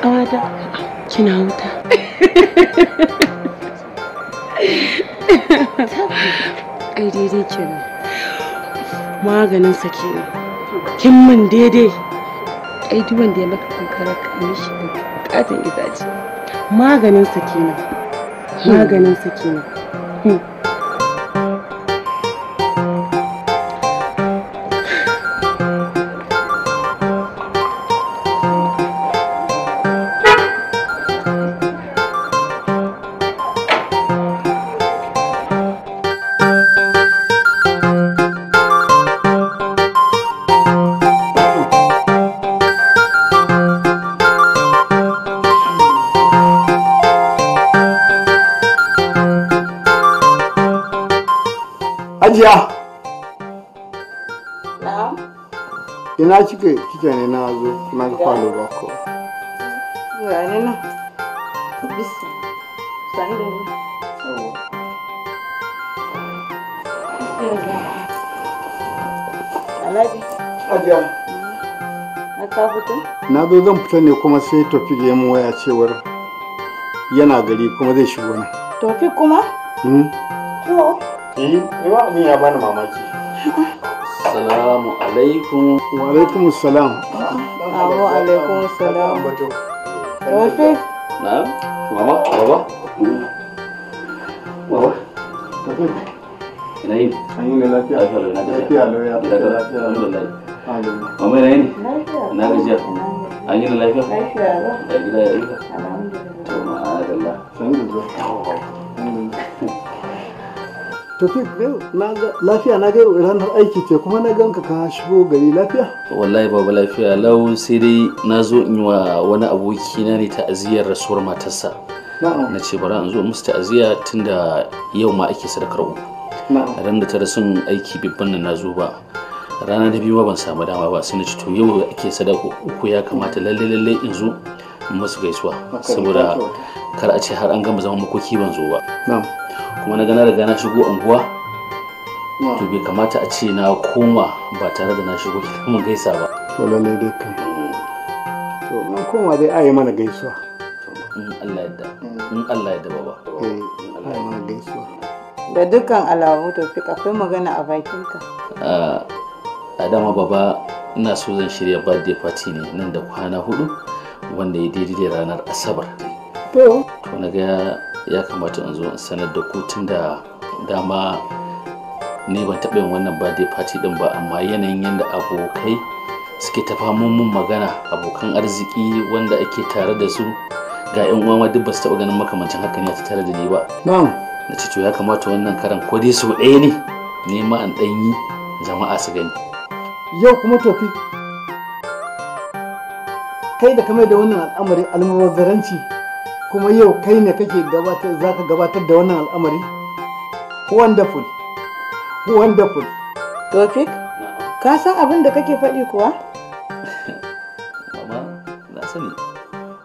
ƙawata kina wuta ai daidai kin maganin sa ne. kin min daidai ai duk wanda ya maka kankara ka da katin itace maganin sa kenan maganin sa kenan hmm. Ajiya. Ya. Ina cike kike ne na zo na ga falo ba ko. Ya ne na? Bisu. San da ni. Alhaji. Ajiya. Na ka fito? Na zo zan fita ne kuma sai Tofik ya mu waya cewar yana gari kuma zai shigo ne. Tofi kuma? Mm. To. Eh, yawa abin ya bani mamaki. Salamu alaikum. Wa alaikum salam. Wa alaikum salam. Rafi. Na'am. Mama, baba. Baba. Ina yin? An yi lafiya. Lafiya lauya. Lafiya lauya. Alhamdulillah. Mama ina yin? Lafiya. Na gajiya. An yi lafiya? Lafiya lau. Ya gida ya yi. Alhamdulillah. Ma'adallah. Sani da zuwa. tafi lafiya na ga ranar aiki ce kuma na ganka ka shigo gari lafiya wallahi baba lafiya lau sai dai na zo in yi wa wani aboki na ne ta'aziyar rasuwar matarsa na ce bari an zo musu ta'aziyya tunda yau ma ake sadakar uku ran da ta rasun aiki bibban na zo ba rana da biyu ban samu dama ba sai na ci to yau ake sadaka uku ya kamata lalle lalle in zo masu gaisuwa saboda kar a ce har an gama zama makoki ban zo ba kuma na gana da na shigo anguwa to bai kamata a ce na koma ba tare da na shigo kuma gaisa ba to lalle dai kan to na koma dai ayi mana gaisuwa in Allah yadda in Allah yadda baba eh, ayi mana gaisuwa da dukkan alamu to fi akwai magana a ka. a dama baba ina so zan shirya birthday party ne nan da kwana hudu wanda ya daidai ranar asabar to na ga ya kamata in zo in sanar da ku da dama ne ban taɓa yin wannan birthday fati din ba amma yanayin yadda abokai suke tafa mun magana abokan arziki wanda ake tare da su ga yan uwa duk ba su taɓa ganin makamancin hakan ya ta tare da ni ba na ce to ya kamata wannan karan ko dai sau ɗaya ne nema an ɗan yi jama'a su gani yau kuma tofi kai da kamar da wannan al'amarin almubazzaranci kuma yau kai ne kake gabatar za ka gabatar da wannan al'amari wonderful wonderful tofik ka san abin da kake faɗi kuwa mama na sani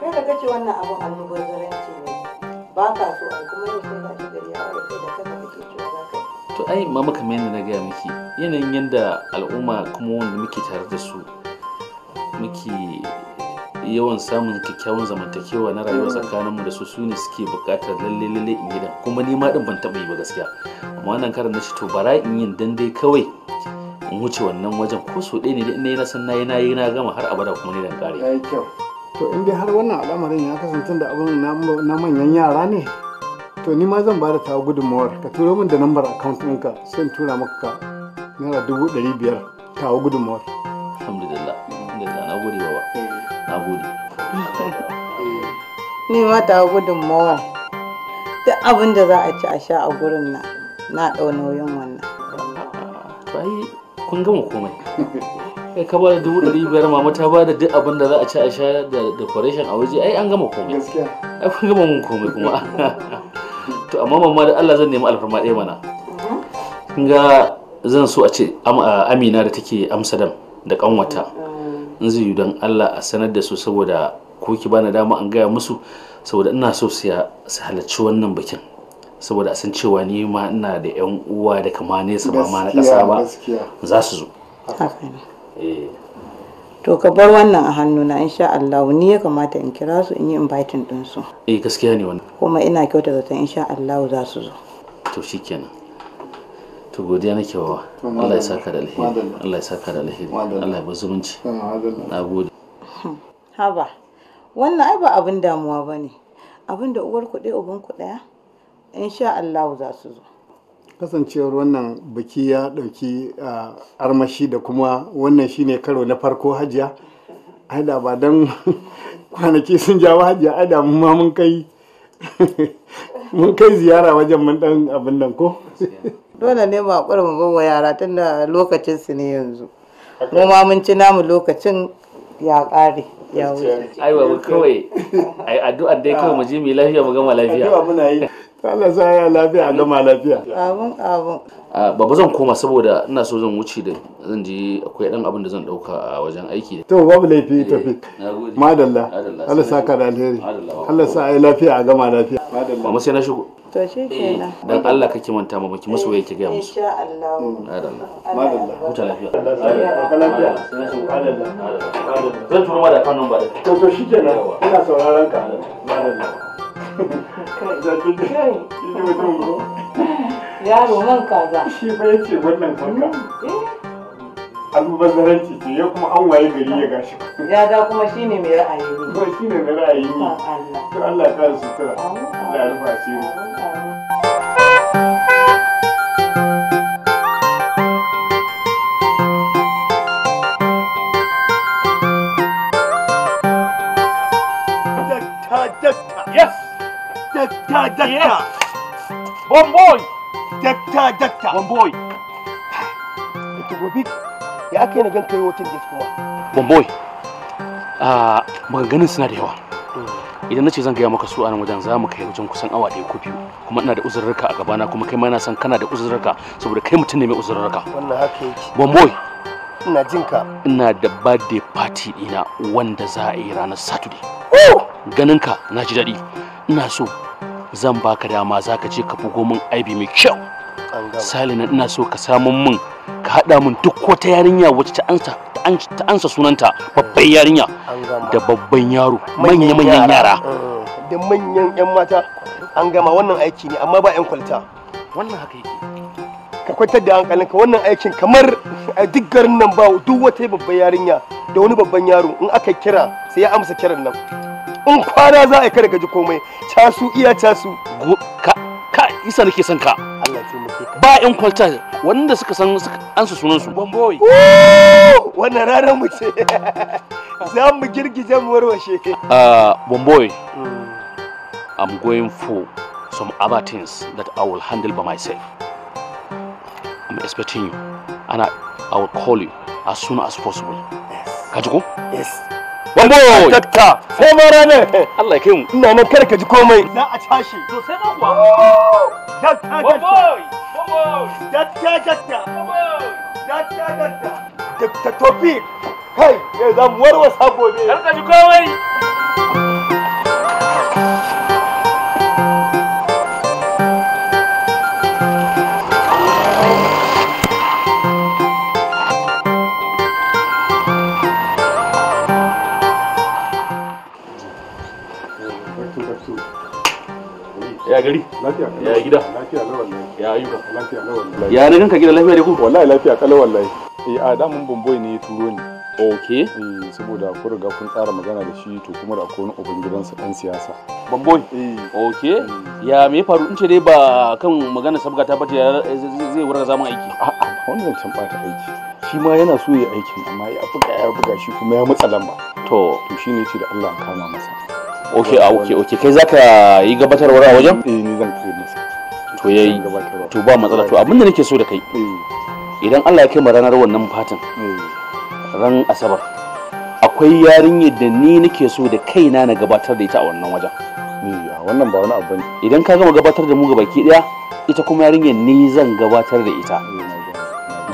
kai da kake wannan abin almubazzaranci ne ba ka so a kuma yau sai gashi gari ya ware kai da kanka kake cewa to ai mama kamar yadda na gaya miki yanayin yadda al'umma kuma wanda muke tare da su muke yawan samun kyakkyawan zamantakewa na rayuwa mu da su su suke bukatar lalle lalle in yi da kuma ni ma din ban taɓa yi ba gaskiya amma wannan karan na shi to bara in yin dan dai kawai in wuce wannan wajen ko so ɗaya ne da ina yi na san na yi na gama har abada kuma ni dan kare. Yayi kyau. To in dai har wannan al'amarin ya kasance da abin na manyan yara ne to ni ma zan bada ta gudunmawar ka turo min da lambar account ɗinka sai in tura maka naira dubu ɗari biyar ta gudunmawar. na gode ni ma ta gudunmawa duk abin da za a ci a sha a gurin na na ɗau nauyin wannan ai kun gama komai kai ka ba da dubu ɗari biyar mama ta ba da duk abin da za a ci a sha da decoration a waje ai an gama komai ai kun gama mun komai kuma to amma mamma da Allah zan nemi alfarma ɗaya mana mhm. kun ga zan so a ce amina da take amsterdam da kanwata in zai yi don allah a sanar da su saboda ko ki bani dama an gaya musu saboda ina so su halarci wannan bikin saboda a san cewa ni ma ina da yan uwa da kama nesa ba ma na kasa ba za su zo eh. to ka bar wannan a hannu hannuna insha Allah ni ya kamata in kira su in yi inviting din su eh gaskiya ne wannan kuma ina kyauta in insha Allah za su zo to shikenan to godiya nake wa Allah ya saka da alheri Allah ya saka da alheri Allah ya bar zumunci na gode hmm. haba wannan ai ba abin damuwa bane abin da uwar ku dai uban ku daya insha Allah za su zo kasancewar wannan biki ya ɗauki armashi da kuma wannan shine karo na farko hajiya ai da ba dan kwanaki sun jawo hajiya ai da ma mun kai mun kai ziyara wajen mun dan abin nan ko dole ne mu haƙura mu bawa yara tun da lokacin su ne yanzu mu ma mun ci namu lokacin ya ƙare ya wuce aiwa mu kawai ai addu'a dai kawai mu ji mu lafiya mu gama lafiya addu'a muna yi Allah sa ya lafiya a gama lafiya amin amin baba zan koma saboda ina so zan wuce da zan ji akwai dan abin da zan dauka a wajen aiki to babu laifi tafi eh, madalla Allah sa ka da alheri Allah sa ya lafiya a gama lafiya madalla amma sai na shigo to shi eh, kenan dan Allah kake manta ma baki musu yake ga musu insha Allah madalla huta lafiya lafiya zan da ba to to shi kenan ina ka yaro man kaza shi yace mm. eh? ce ya kuma an waye gari ya gashi ya da kuma shine mai ra'ayi ne kuma shine mai ra'ayi ne Allah ta sutura Allah ya rufa shi dakta dakta bomboy dakta dakta bomboy to gobe ya ake na ganka yau tun kuma bomboy Ah, maganganun suna da yawa idan na ce zan gaya maka su a nan wajen za mu kai wajen kusan awa ɗaya ko biyu kuma ina da uzurarka a gabana kuma kai ma na san kana da uzurarka saboda kai mutum ne mai uzurarka wannan haka yake bomboy ina jin ka ina da birthday party dina wanda za a yi ranar saturday oh! ganin ka na ji daɗi ina so zan baka dama za ka je ka bugo min aibi mai kyau salina ina so ka samu min ka haɗa min duk wata yarinya wacce ta ansa ta ansa sunanta babban yarinya da babban yaro manya manyan yara eh, da manyan yan mata an gama wannan aiki ne amma ba yan kwalta wannan haka yake ka kwantar da hankalinka wannan aikin kamar a duk garin nan ba duk wata babban yarinya da wani babban yaro in aka kira sai ya amsa kiran nan in kwana za a kada ka ji komai casu iya casu ka ka isa nake son ka Allah ya taimake ka ba in kwalta wanda suka san an su sunan su bomboy wannan ranar mu ce za mu girgije mu warwashe ah bomboy mm. i'm going for some other things that i will handle by myself i'm expecting you and i, I will call you as soon as possible yes. Kajuko? Yes. wambo tatta sai ma ranar Allah ya kai mu ina nan kar ka ji komai na a tashi to sai ma kuwa tatta tatta tatta tatta tatta tatta tofi kai ne za warwasa gobe kar komai ya gida lafiya na wallahi ya ayyuka lafiya na wallahi ya na ganka gida lafiya ne ku wallahi lafiya kala wallahi eh a da mun bomboy ne ya turo ni Okay. eh saboda ku riga kun tsara magana da shi to kuma da akwai wani uban gidansa dan siyasa bomboy eh. eh ya me faru in ce dai ba kan magana sabga ta bace zai wurga zaman aiki a'a wannan can bata aiki shi ma yana so ya aikin amma ya buga ya buga shi kuma ya matsa lamba to to shine ce da Allah kama masa ok a ah, ok ok kai zaka yi gabatarwar a wajen eh ni zan kai masa to yayi to ba matsala to abinda nake so da kai eh. idan Allah ya kai mu ranar wannan fatin, eh. ran asabar akwai yarinyar da ni nake so da kaina na gabatar da ita a wannan wajen wannan ba wani abu bane idan ka gama gabatar da mu gabaki daya ita kuma yarinyar ni zan gabatar da ita eh,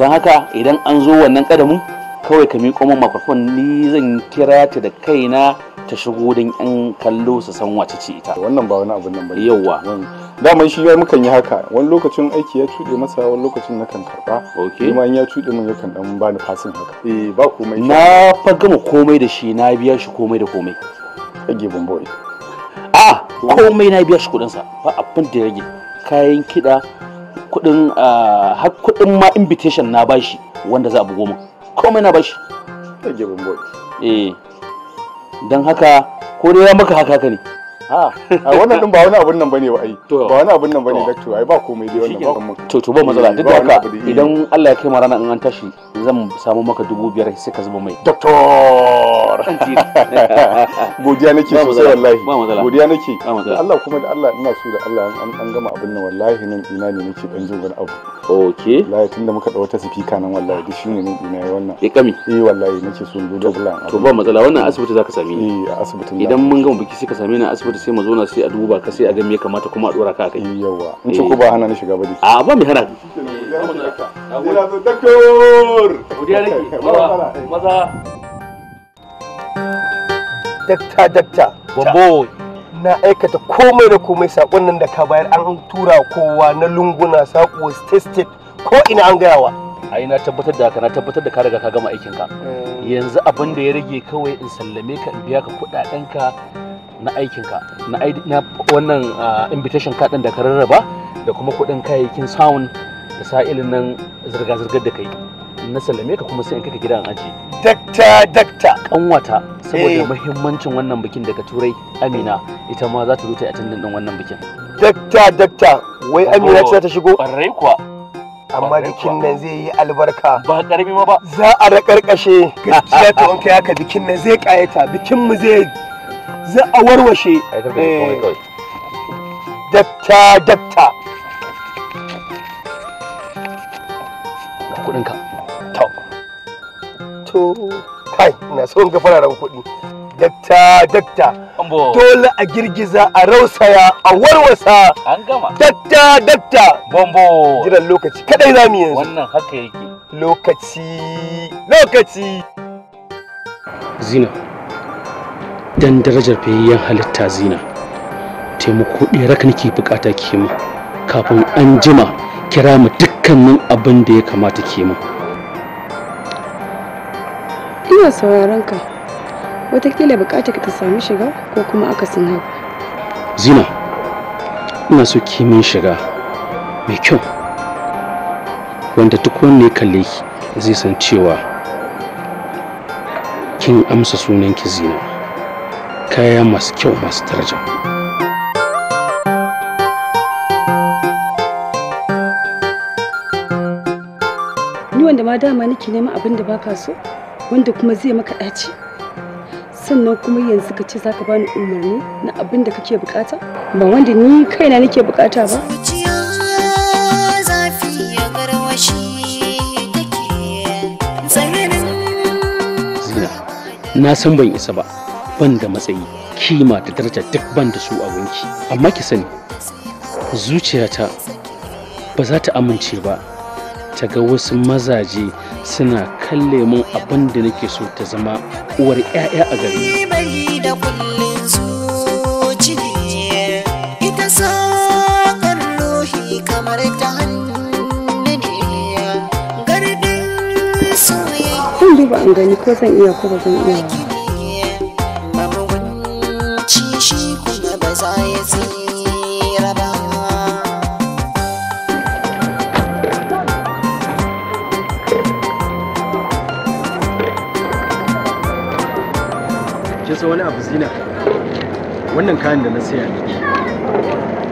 don haka idan an zo wannan kadamin kawai ka miƙo min microphone ni zan kira ta da kaina ta shigo don yan kallo su san wace ce ita wannan ba wani abun nan ba yawa dama shi ya mukan yi haka wani lokacin aiki ya cuɗe masa wani lokacin na kan karɓa okay ma ya cuɗe min yakan dan bani fasin haka eh ba komai na fa gama komai da shi na biya shi komai da komai kage bambori a komai na biya shi kuɗin sa ba abin da rage kayan kiɗa kuɗin ah, har kuɗin ma invitation na bashi wanda za a bugo mu komai na bashi eh don haka ko dai ya maka haka haka ne a wannan din ba wani abun nan bane ai ba wani abun nan bane dakto ai ba komai dai wannan ba mun to to ba matsala eh, duk da haka idan Allah ya kai mu rana in an tashi zan samu maka dubu biyar sai ka zuba mai doktor godiya nake sosai wallahi godiya nake Allah kuma da Allah ina so da Allah an gama abin nan wallahi nan ina ne nake dan jin wani abu okay wallahi tunda muka da wata sifika nan wallahi duk shine nan ina wannan ya eh, kami eh wallahi nake so in zo to ba matsala wannan asibiti zaka same ni eh asibitin idan mun gama biki sai ka same ni asibiti sai mu na sai a duba ka sai a ga me kamata kuma a dora ka kai yawa in ci ko ba hana ni shiga ba a ba mai hana ina zo doktor godiya nake maza dakta dakta baboy na aikata komai da komai sakon nan da ka bayar an tura kowa na lunguna sako state ko ina an gayawa ai na tabbatar da haka na tabbatar da ka riga ka gama aikin ka eh. yanzu abin da ya rage kawai in sallame ka in biya ka kudaden ka na aikinka na wannan invitation card da ka rarraba da kuma kudin kayayyakin sound da ilin nan zirga-zirgar da kai na sallame ka kuma sai in kaka gidan aji dakta dakta kanwata saboda eh. muhimmancin wannan bikin daga turai amina ita ma za ta zo ta yi din wannan bikin dakta dakta wai amina ce ta shigo ƙwarai kuwa amma bikin nan zai yi albarka ba karami ma ba za a raƙarƙashe gaskiya ta wanka haka bikin nan zai kayata bikin mu zai za a warwashe dabta dabta ga kudinka to to kai ina son ga fararen kudi dakta dakta dole a girgiza a rausaya a warwasa an gama dakta dakta bombo jiran lokaci kadai mu yanzu wannan haka yake lokaci lokaci zina dan darajar fayayyen halitta zina taimako ɗaya raka nake bukata ke mu kafin an jima kira mu dukkanin abin da ya kamata ke mu ina sauraron ka watakila bukatar ka ta sami shiga ko kuma akasin haka zina ina so kimin shiga mai kyau wanda duk wanda ya kalle zai san cewa kin amsa sunan ki zina kaya masu kyau masu daraja ni wanda ma dama nake neman abin da baka so wanda kuma zai maka ɗaci sannan kuma yanzu ka ce za ka bani umarni na abin da kake bukata ba wanda ni kaina nake bukata ba na san ban isa ba ban da matsayi kima da daraja duk ban da su a gunki amma ki sani zuciyata ba za ta amince ba ta ga wasu mazaje suna kalle mun abin da nake so ta zama uwar 'ya'ya a gari ni ba an gani ko zan iya ko ba zan iya ba. tsira kisa wani abu zina wannan kayan da na saya miki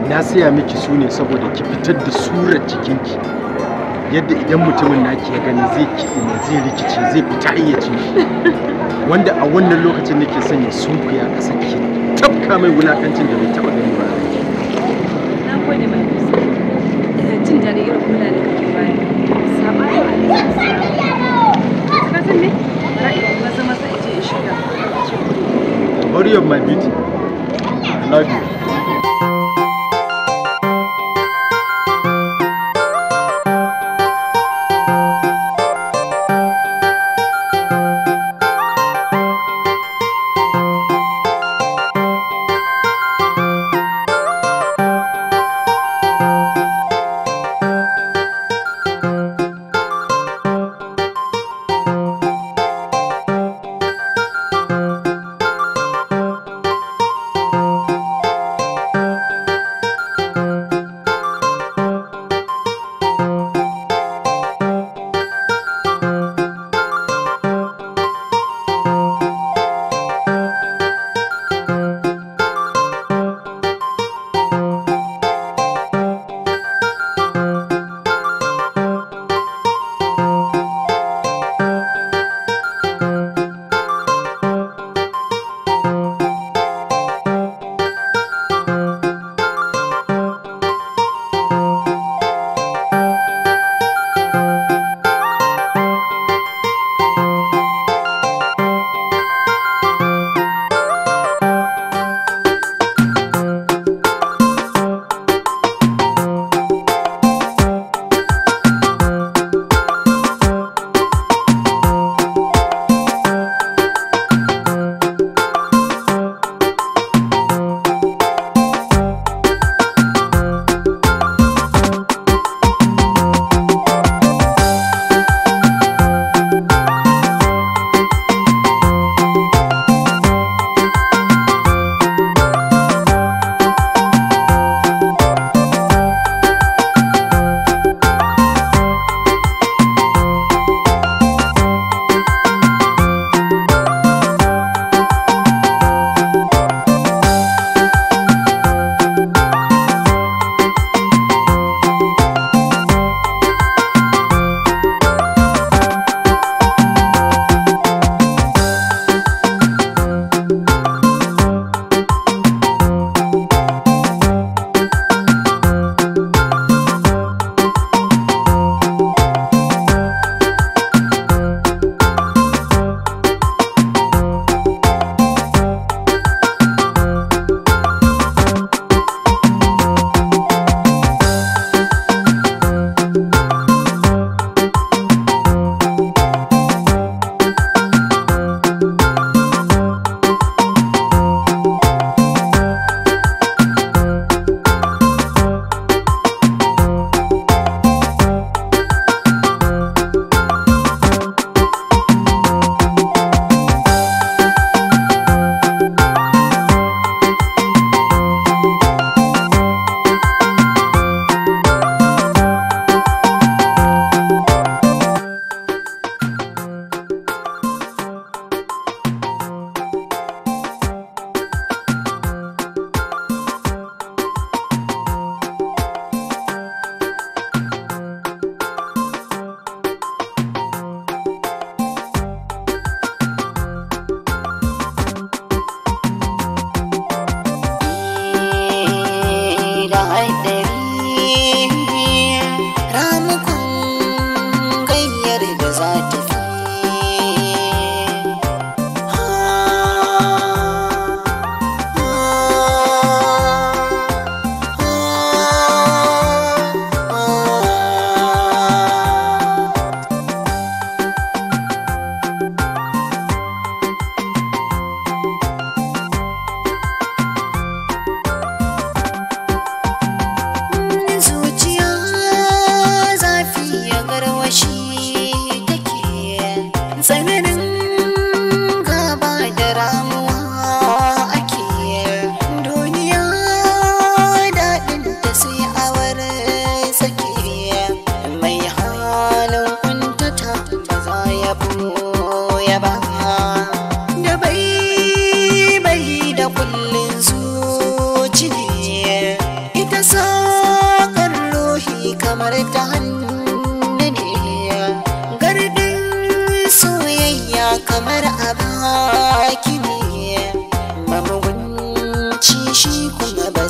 na saya miki su ne saboda ki fitar da surar jikinki yadda idan mutumin naki ya gani zai kiɗima zai rikice zai fita hayyace wanda a wannan lokacin nake son ya sunkuya ƙasa ki tafka mai wulakancin da bai taɓa gode ma jin daɗin irin kula da kake bani ka san maza maza ije in my beauty I love you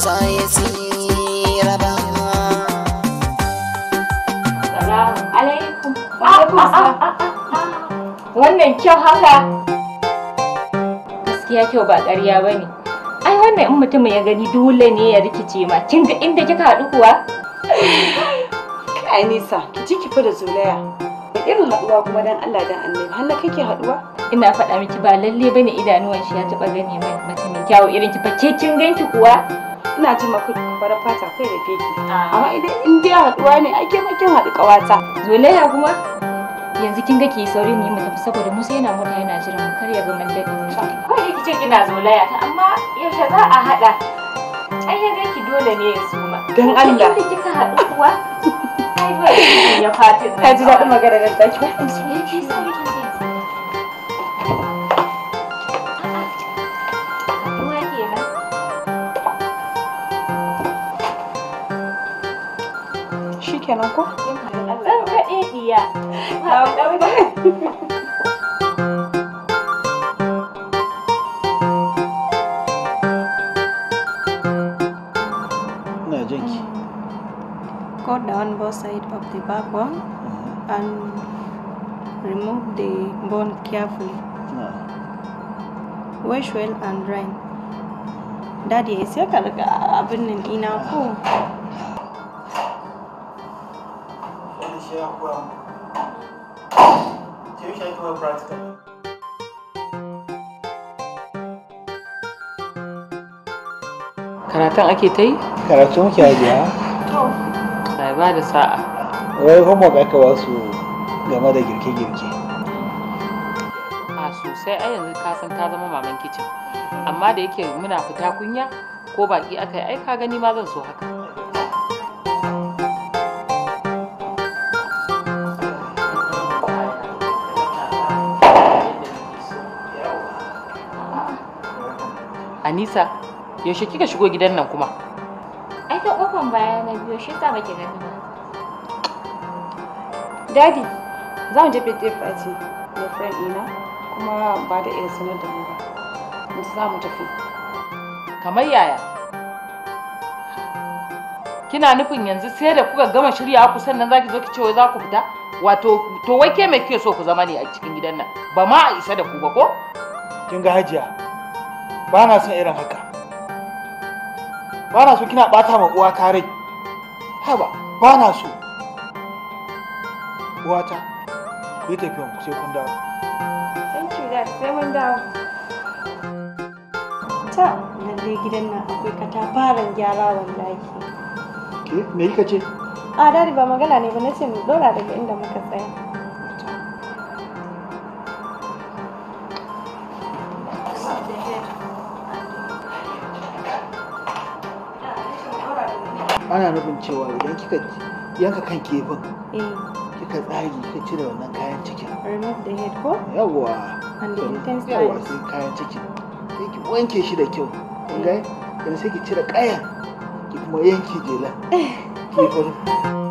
sa ya tsira ba. Wannan kyau haka. Gaskiya kyau ba ƙarya ba ne. Ai wannan in mutum ya gani dole ne ya rikice ma. Kin ga inda kika haɗu kuwa? Kai Nisa, ki ji ki fi da zolaya. Da irin haɗuwa kuma dan Allah dan Annabi. Hanna kake haɗuwa? Ina faɗa miki ba lalle bane idanuwan shi ya taɓa gani mai mace mai kyawu irin ki fa ke kin ganki kuwa? ina ji maku farar fata kai da feki ah. amma idan in dai haduwa ne ake makin haɗu ƙawata Zolaya kuma yanzu kin ga ki sauri ne mu saboda Musa yana mota yana jira mu karya ya ga mun dade kai ki ce kina zolaya ta amma yaushe za a hada ai ya ga ki dole ne ya ma dan Allah inda kika haɗu kuwa ai ba ya fata ta ji daɗin magana da take ki sauri ki kenan ko? Zan kaɗe ɗiya. Ba mm. down both of the backbone mm-hmm. and remove the bone carefully. No. Wash well and drain. Daddy, sai ka riga abin nan ina ko? Ah. karatun ake ta yi? Karatun muke ajiya to ba da sa'a wai homework aka ba su game da girke-girke a sosai a yanzu kasan ta zama maman kicin amma da yake muna fita kunya ko baki aka yi aika gani ma zan so haka Anisa, yaushe kika shigo gidan nan kuma? Ai ta kofan baya na biyo shi ta baki gani ba. Daddy, za mu je birthday party da friend ina kuma ba da iya sanar da mu ba. Mu za mu tafi. Kamar yaya? Kina nufin yanzu sai da kuka gama shirya ku sannan zaki zo ki ce za ku fita? Wato to wai ke me kike so ku zama ne a cikin gidan nan? Ba ma a isa da ku ba ko? Kin ga Hajiya, ba na son irin haka ba na so kina bata ma uwa ta rai haba ba na so uwata ku yi tafiyan ku sai kun dawo thank you dad sai mun dawo ta lalle gidan nan akwai katafaren gyara wallahi ke me ka ce a ah, dadi ba magana ne ba na ce mu dora daga inda muka tsaya cewa idan kika yanka kan kifin eh. kika tsari ka cire wannan kayan cikin remove the head ko yawwa yawwa sai kayan cikin sai ki wanke shi da kyau kun ga yanzu sai ki cire kayan ki kuma yanke jelan kifin